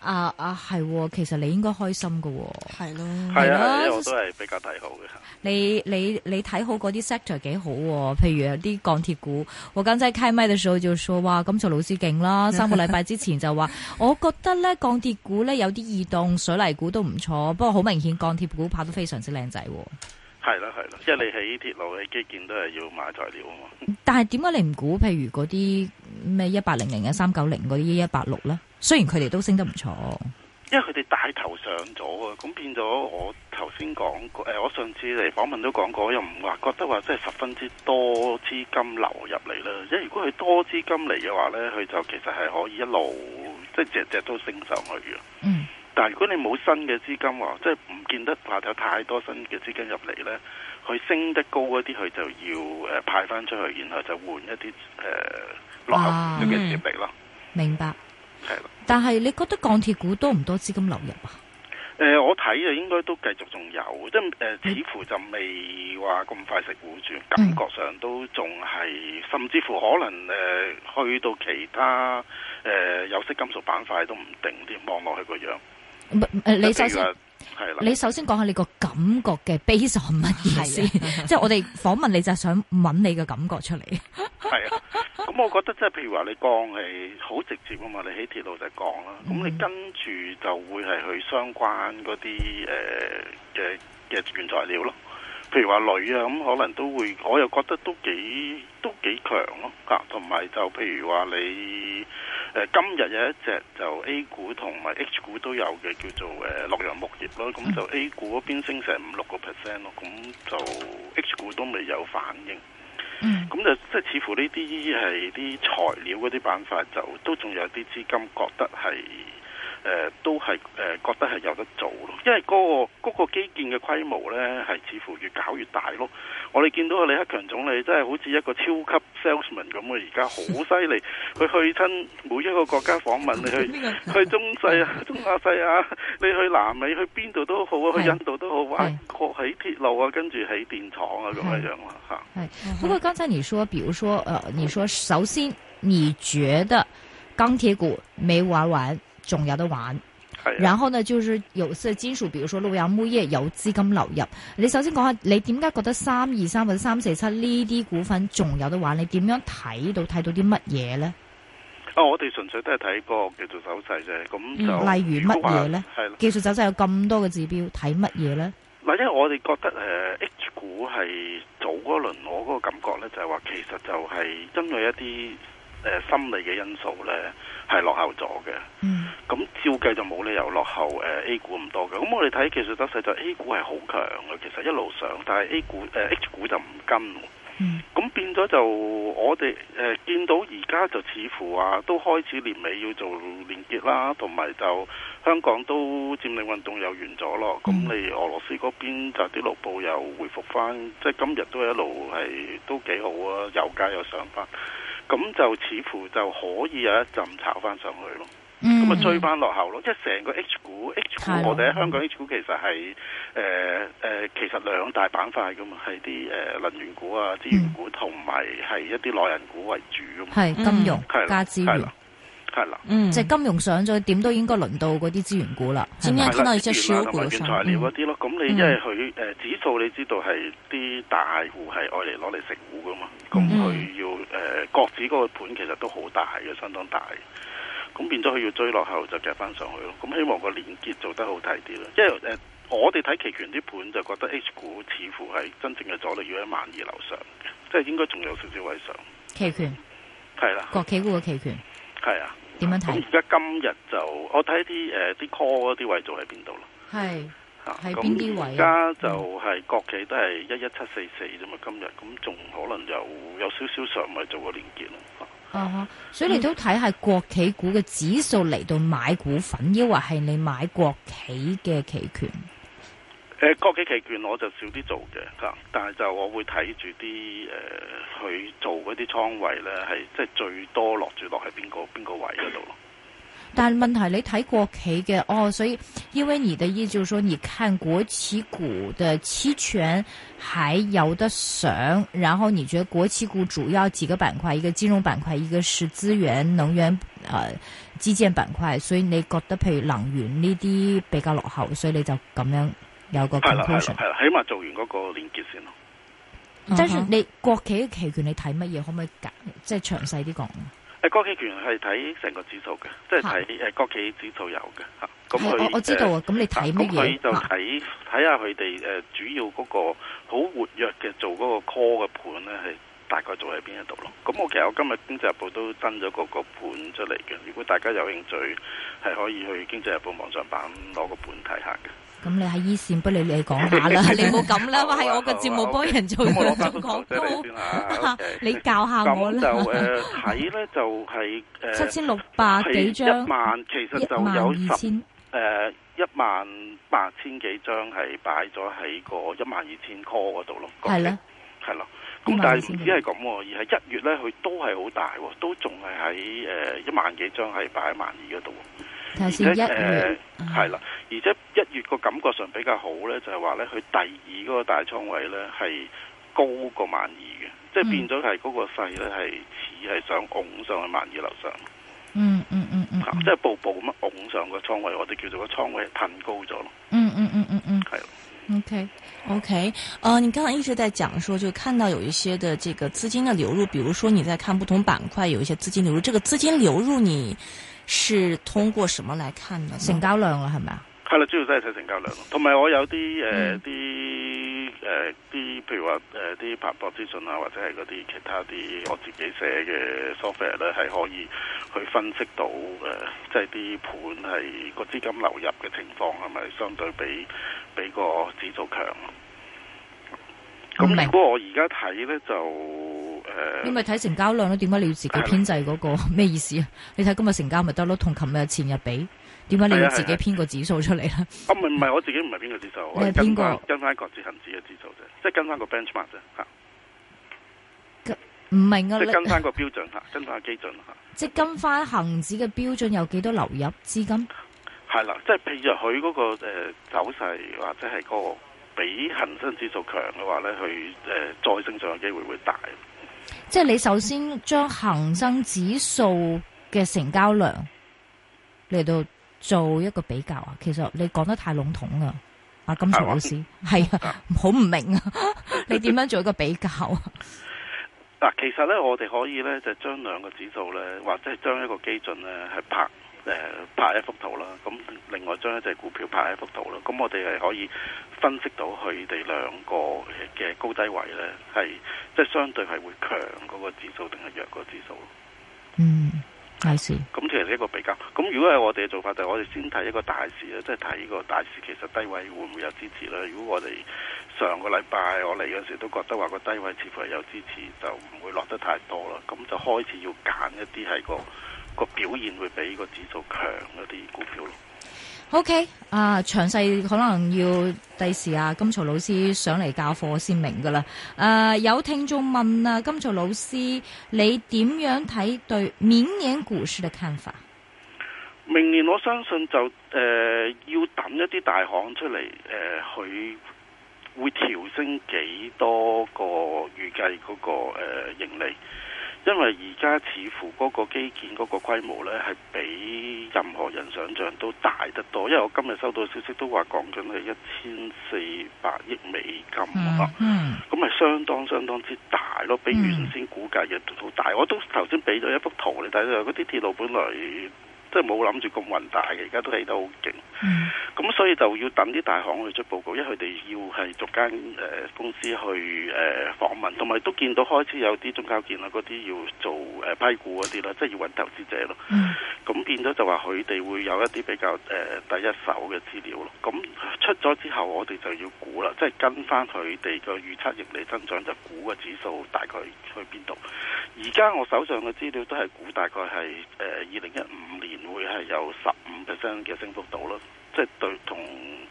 啊啊係，其實你應該開心噶，係咯，係咯，是因為我都係比較睇好嘅。你你你睇好嗰啲 sector 幾好，譬如有啲鋼鐵股。我剛才開咪嘅時候就說話，金曹老師勁啦。三個禮拜之前就話， 我覺得呢鋼鐵股呢有啲異動，水泥股都唔錯。不過好明顯鋼鐵股跑得非常之靚仔。係啦係啦即係你喺鐵路嘅基建都係要買材料啊嘛。但係點解你唔估譬如嗰啲？咩一八零零一三九零嗰啲，一一八六咧，雖然佢哋都升得唔錯，因為佢哋帶頭上咗啊。咁變咗我頭先講，誒、呃，我上次嚟訪問都講過，又唔話覺得話即係十分之多資金流入嚟啦，因為如果佢多資金嚟嘅話咧，佢就其實係可以一路即係只只都升上去嘅。嗯，但係如果你冇新嘅資金啊，即係唔見得話有太多新嘅資金入嚟咧。佢升得高嗰啲，佢就要誒派翻出去，然後就換一啲誒落去。啲嘅接力咯、嗯。明白，係咯。但係你覺得鋼鐵股多唔多資金流入啊？誒、呃，我睇就應該都繼續仲有，即、呃、係似乎就未話咁快食完、嗯，感覺上都仲係甚至乎可能誒、呃、去到其他誒、呃、有色金屬板塊都唔定添，望落去個樣、呃就。你首係啦，你首先講下你個感覺嘅 basic 係乜嘢先？是 即係我哋訪問你就想揾你嘅感覺出嚟。 係啊，咁我覺得即係譬如話你講係好直接啊嘛，你喺鐵路就講啦。咁、嗯、你跟住就會係去相關嗰啲誒嘅嘅原材料咯。譬如話鋁啊，咁可能都會，我又覺得都幾都幾強咯。吓，同埋就譬如話你。今日有一隻就 A 股同埋 H 股都有嘅叫做誒、呃、洛陽木業咯，咁就 A 股嗰邊升成五六個 percent 咯，咁就 H 股都未有反應。咁就即係似乎呢啲係啲材料嗰啲板塊，就都仲有啲資金覺得係。誒、呃、都係誒、呃、覺得係有得做咯，因為嗰、那個那個基建嘅規模咧係似乎越搞越大咯。我哋見到李克強總理真係好似一個超級 salesman 咁啊！而家好犀利，佢 去親每一個國家訪問， 你去 去中西、啊、中亞西啊，你去南美，去邊度都好啊， 去印度都好啊，玩過 起鐵路啊，跟住起電廠啊咁樣樣啦嚇。 不過，剛才你說，比如說，誒、呃，你說首先你覺得鋼鐵股沒玩完？仲有得玩，然後呢，就是有色金屬，比如說洛陽鉬業有資金流入。你首先講下，你點解覺得三二三或者三四七呢啲股份仲有得玩你看？你點樣睇到睇到啲乜嘢呢？哦，我哋純粹都係睇個技術走勢啫。咁，例如乜嘢呢？係咯，技術走勢有咁多嘅指標，睇乜嘢呢？嗱，因為我哋覺得誒、uh,，H 股係早嗰輪我嗰個感覺咧，就係話其實就係針對一啲。誒、呃，心理嘅因素咧，係落後咗嘅。咁、嗯、照計就冇理由落後誒、呃啊、A 股咁多嘅。咁我哋睇技術走勢就 A 股係好強嘅，其實一路上，但係 A 股誒、呃、H 股就唔跟。咁、嗯、變咗就我哋誒、呃、見到而家就似乎啊，都開始年尾要做連結啦，同埋就香港都佔領運動又完咗咯。咁、嗯、你俄羅斯嗰邊就啲盧布又回復翻，即係今日都一路係都幾好啊，油價又上翻。咁就似乎就可以有一陣炒翻上去咯，咁、嗯、啊追翻落後咯。即係成個 H 股，H 股我哋喺香港、嗯、H 股其實係、呃呃、其實兩大板塊嘅嘛，係啲誒能源股啊、資源股同埋係一啲內銀股為主嘅嘛，係金融、嗯、加資源，係啦，嗯，即、就、係、是、金融上咗，點都應該輪到嗰啲資源股啦。點解先可以將資源股嘅你因為佢誒指數，你知道係啲大戶係愛嚟攞嚟食股㗎嘛，咁、嗯、佢。國指嗰個盤其實都好大嘅，相當大，咁變咗佢要追落後就夾翻上去咯。咁希望個連結做得好睇啲啦。因為誒、呃，我哋睇期權啲盤就覺得 H 股似乎係真正嘅阻力要喺萬二樓上，即係應該仲有少少位上。期權係啦，國企股嘅期權係啊。點樣睇？而家今日就我睇啲誒，啲 call 嗰啲位做喺邊度咯？係。係邊啲位置啊？而家就係國企都係一一七四四啫嘛，今日咁仲可能有有少少倉位做個連結咯。哦、uh-huh. 嗯，所以你都睇下國企股嘅指數嚟到買股份，抑或係你買國企嘅期權？誒，國企期權我就少啲做嘅，但係就我會睇住啲誒去做嗰啲倉位咧，係即係最多落住落喺邊個邊個位嗰度。 但問題你睇國企嘅哦，所以因為你的意思就是說，你看國企股的期權係有得上，然後你覺得國企股主要幾個板塊，一個金融板塊，一個是資源能源，誒、呃、基建板塊，所以你覺得譬如能源呢啲比較落後，所以你就咁樣有個 composition 係啦，起碼做完嗰個連結先咯。但係你國企嘅期權，你睇乜嘢？可唔可以即係詳細啲講？就是誒，國企權係睇成個指數嘅，即係睇誒國企指數有嘅吓。咁佢我我知道啊。咁你睇乜嘢？咁佢就睇睇下佢哋誒主要嗰個好活躍嘅做嗰個 call 嘅盤咧，係大概做喺邊一度咯。咁我其實我今日經濟日報都登咗嗰個盤出嚟嘅。如果大家有興趣，係可以去經濟日報網上版攞個盤睇下嘅。咁你喺一線不理說說，不 你你講下啦，你冇好咁啦，話係我個節目幫人做，唔好你教下我啦。睇咧就係誒、呃就是呃、七千六百幾張，一萬其實就有二千誒、呃、一萬八千幾張係擺咗喺個一萬二千 call 嗰度咯。係啦，係啦，咁但係唔止係咁，而係一月咧，佢都係好大，都仲係喺誒一萬幾張係擺一萬二嗰度。而且誒，係啦、呃啊，而且一月個感覺上比較好咧，就係話咧，佢第二嗰個大倉位咧係高過萬二嘅、嗯，即係變咗係嗰個勢咧係似係想拱上去萬二樓上。嗯嗯嗯嗯，嗯嗯嗯啊、即係步步咁樣拱上個倉位，我哋叫做個倉位係騰高咗咯。嗯嗯嗯嗯嗯，係、嗯嗯嗯、OK OK，誒、uh,，你剛才一直在講說，就看到有一些嘅這個資金嘅流入，比如說你在看不同板塊有一些資金流入，這個資金流入你。是通過什麼來看呢？成交量啊，係咪啊？係啦，主要都係睇成交量咯。同埋我有啲誒，啲、呃、誒，啲、呃、譬如話誒，啲彭博資訊啊，或者係嗰啲其他啲，我自己寫嘅 software 咧，係可以去分析到誒，即係啲盤係個資金流入嘅情況，係咪相對比比個指數強？唔明？如果我而家睇咧就，誒、呃，你咪睇成交量咯？點解你要自己編製嗰、那個咩意思啊？你睇今日成交咪得咯，同琴日、前日比，點解你要自己編個指數出嚟啊，唔係唔係，我自己唔係編個指數，我係跟個，個跟翻個恆指嘅指數啫，即係跟翻個 benchmark 啫，吓。唔明，你係跟翻個標準，跟翻個基準，即係跟翻恆指嘅標準有幾多流入資金？係啦，即係譬如佢嗰、那個、呃、走勢或者係嗰、那個。比恒生指數強嘅話咧，佢誒再升上嘅機會會大。即係你首先將恒生指數嘅成交量嚟到做一個比較啊，其實你講得太籠統啦，阿金曹老師係啊，好唔、啊、 明啊，你點樣做一個比較啊？嗱，其實咧，我哋可以咧，就係、將兩個指數咧，或者係將一個基準咧，係拍。拍一幅圖啦，咁另外將一隻股票拍一幅圖啦，咁我哋係可以分析到佢哋兩個嘅高低位呢，係即係相對係會強嗰個指數定係弱個指數，嗯，係。咁其實呢個比較，咁如果係我哋嘅做法就係，我哋先睇一個大市啦，即係睇個大市其實低位會唔會有支持啦。如果我哋上個禮拜我嚟嗰時都覺得話個低位似乎係有支持，就唔會落得太多啦。咁就開始要揀一啲係個。個表現會比個指數強一啲股票咯。O、okay, K，啊，詳細可能要第時啊，金曹老師上嚟教課先明噶啦。誒、啊，有聽眾問啊，金曹老師，你點樣睇對明年股市嘅看法？明年我相信就誒、呃、要等一啲大行出嚟誒，佢、呃、會調升幾多個預計嗰個誒、呃、盈利。因為而家似乎嗰個基建嗰個規模呢，係比任何人想像都大得多。因為我今日收到的消息都話講緊係一千四百億美金啊，咁、嗯、咪、嗯、相當相當之大咯，比原先估計亦都好大。我都頭先俾咗一幅圖你睇下，嗰啲鐵路本來。即係冇諗住咁宏大嘅，而家都嚟得好勁。咁、嗯、所以就要等啲大行去出報告，因為佢哋要係逐間公司去訪問，同埋都見到開始有啲中交建啊嗰啲要做批股嗰啲啦，即係要揾投資者咯。咁見咗就話佢哋會有一啲比較第一手嘅資料咯。咁出咗之後，我哋就要估啦，即係跟翻佢哋嘅預測盈利增長，就估個指數大概去邊度。而家我手上嘅資料都係估大概係誒二零一五。會係有十五 percent 嘅升幅度咯，即係對同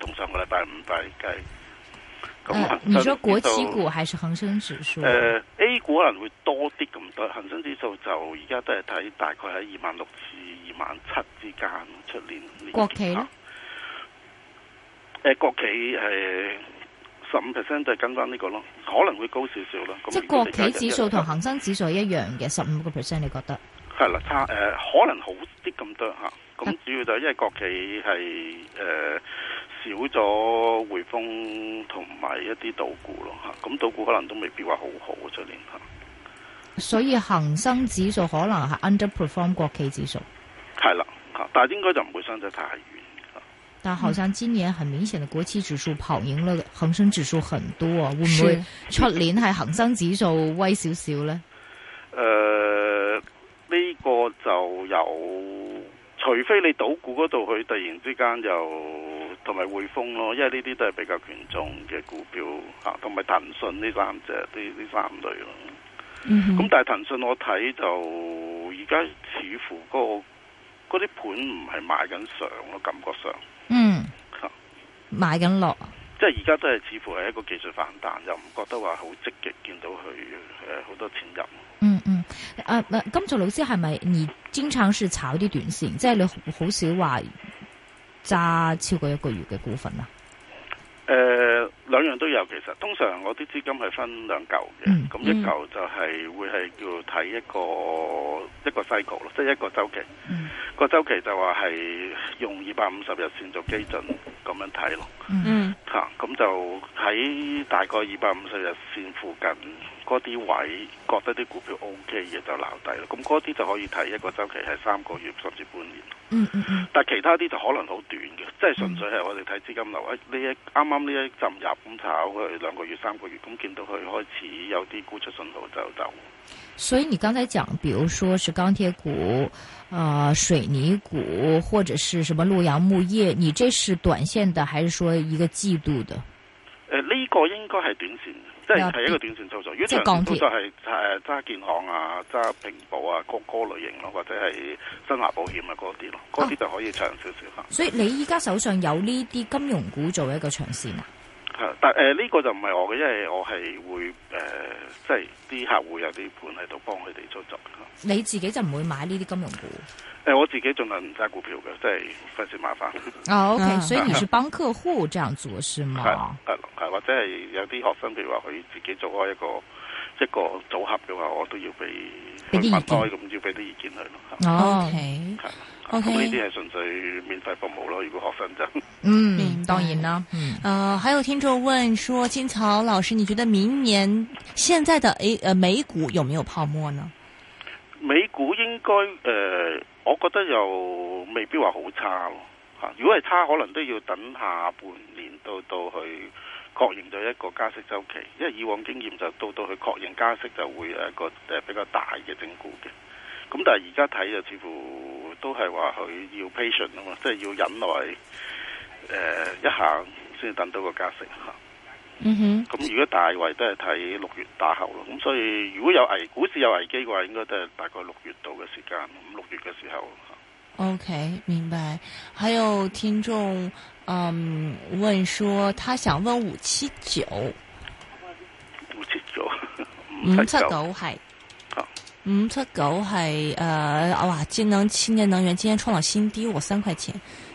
同上個禮拜五大計。咁、呃，你說國企股還是恒生指數？誒、呃，A 股可能會多啲咁多，恒生指數就而家都係睇大概喺二萬六至二萬七之間，出年，年。國企呢？誒、呃，國企係十五 percent 都係跟翻呢個咯，可能會高少少咯。即係國企指數同、嗯、恒生指數一樣嘅十五個 percent，你覺得？係啦，差誒、呃，可能好啲咁多吓，咁、啊啊、主要就係因為國企係誒、呃、少咗匯豐同埋一啲道股咯吓，咁道股可能都未必話好好出年吓、啊。所以恒生指數可能係 underperform 國企指數。係啦、啊，但係應該就唔會相差太遠。但好像今年很明顯的國企指數跑贏了恒生指數很多，嗯、會唔會出年係恒生指數威少少咧？誒。 呃呢、這個就有，除非你賭股嗰度去，突然之間又同埋匯豐咯，因為呢啲都係比較權重嘅股票嚇，同、啊、埋騰訊呢三隻呢呢三類咯。咁、嗯、但係騰訊我睇就而家似乎嗰嗰啲盤唔係買緊上咯，感覺上嗯嚇、啊、買緊落，即係而家都係似乎係一個技術反彈，又唔覺得話好積極見到佢誒好多錢入。啊金曹、啊、老師係咪你經常係炒啲短線？即、就、係、是、你好少話揸超過一個月嘅股份啊？誒、呃，兩樣都有其實。通常我啲資金係分兩嚿嘅，咁一嚿就係會係叫睇一個,是是一,個、嗯、一個 cycle 咯，即、就、係、是、一個周期。個、嗯、周期就話係用二百五十日線做基準咁樣睇咯。嗯嗯吓、嗯、咁就喺大概二百五十日線附近嗰啲位，覺得啲股票 O K 嘅就留低咯。咁嗰啲就可以睇一個週期係三個月甚至半年。但其他啲就可能好短嘅，即係純粹係我哋睇資金流，你剛剛一呢一啱啱呢一浸入咁炒佢兩個月三個月，咁見到佢開始有啲沽出信號就走。所以你剛才講，比如說是鋼鐵股，啊、呃、水泥股或者是什麼洛陽鉬業，你這是短線的，還是說一個季度的？誒、呃、呢、這個應該係短線，即係係一個短線操作。如果是鐵就係誒揸建行啊、揸平保啊嗰嗰類型咯、啊，或者係新華保險啊嗰啲咯，嗰啲、啊啊、就可以長少少。所以你依家手上有呢啲金融股做一個長線啊？但誒、呢、呃呢個就唔係我嘅，因為我係會誒、呃，即係啲客戶有啲盤喺度幫佢哋操作。你自己就唔會買呢啲金融股？誒、呃，我自己儘量唔揸股票嘅，即係費事麻煩。哦，OK、嗯、所以你係幫客戶這樣做、啊、是嗎？係、啊、係，或者係有啲學生譬如話，佢自己做開一個一個組合嘅話，我都要俾俾意見咁，要俾啲意見佢咯。哦 OK 呢啲係純粹免費服務咯。如果學生就嗯。 當然啦，嗯，呃，還有聽眾問說，金曹老師，你覺得明年現在的誒、呃，美股有沒有泡沫呢？美股應該，誒、呃，我覺得又未必話好差咯吓。如果係差，可能都要等下半年到到去確認咗一個加息週期，因為以往經驗就到到去確認加息就會有一個誒比較大嘅整固嘅。咁但係而家睇就似乎都係話佢要 patient 啊嘛，即係要忍耐。誒、呃，一下先等到個加息吓。嗯哼。咁如果大位都係睇六月打後咯，咁所以如果有危股市有危機嘅話，應該都係大概六月度嘅時間。咁六月嘅時候、啊。OK，明白。還有聽眾嗯問說，他想問 579, 五七九。五七九。五七九係。五七九係，誒、啊，哇！京能清潔能源今天創咗新低，我三塊錢。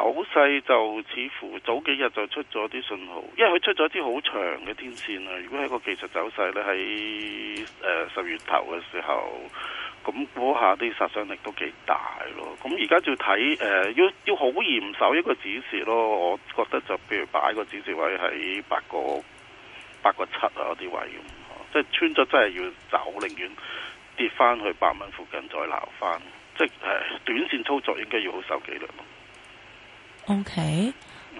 走勢就似乎早幾日就出咗啲信號，因為佢出咗一支好長嘅天線啊。如果係個技術走勢咧，喺誒十月頭嘅時候，咁估嗰下啲殺傷力都幾大咯。咁而家要睇誒、呃，要要好嚴守一個指示咯。我覺得就譬如擺個指示位喺八個八個七啊啲位咁，即係穿咗真係要走，寧願跌翻去八蚊附近再撈翻。即係、呃、短線操作應該要好守紀律咯。O K，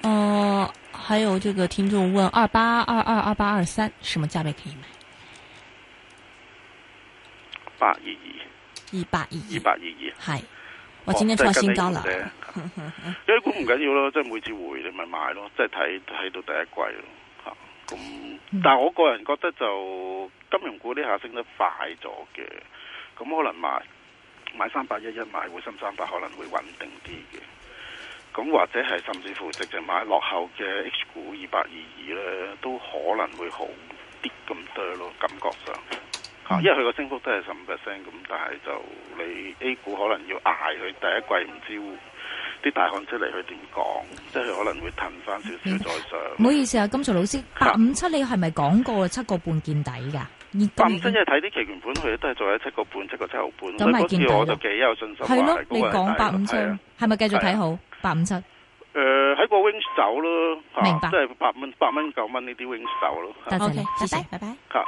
嗯，還有這個聽眾問二八二二二八二三，2823, 什麼價位可以買？八二二，二八二二八二二，係我今天創新高啦，哦了啊、 因為股唔緊要咯，即係每次回你咪買咯，即係睇睇到第一季咯吓，咁、啊、但係我個人覺得就金融股呢下升得快咗嘅，咁可能買買三百一一買滬深三百可能會穩定啲嘅。咁或者係甚至乎直接買落後嘅 H 股二百二二咧，都可能會好啲咁多咯，感覺上。因為佢個升幅都係十五 percent 咁，但係就你 A 股可能要捱佢第一季唔知啲大行出嚟佢點講，即係可能會騰翻少少再上。唔、嗯、好意思啊，金曹老師、啊、八五七你係咪講過七個半見底㗎？八五七因為睇啲期權盤，佢都係做喺七個半、七個七毫半。咁咪見底啦。係咯、啊，你講八五七係咪繼續睇好？八五七，誒、呃，喺個 wings 走咯，明白，即係八蚊、八蚊九蚊呢啲 wings 走咯。OK，多謝，拜拜，拜拜。啊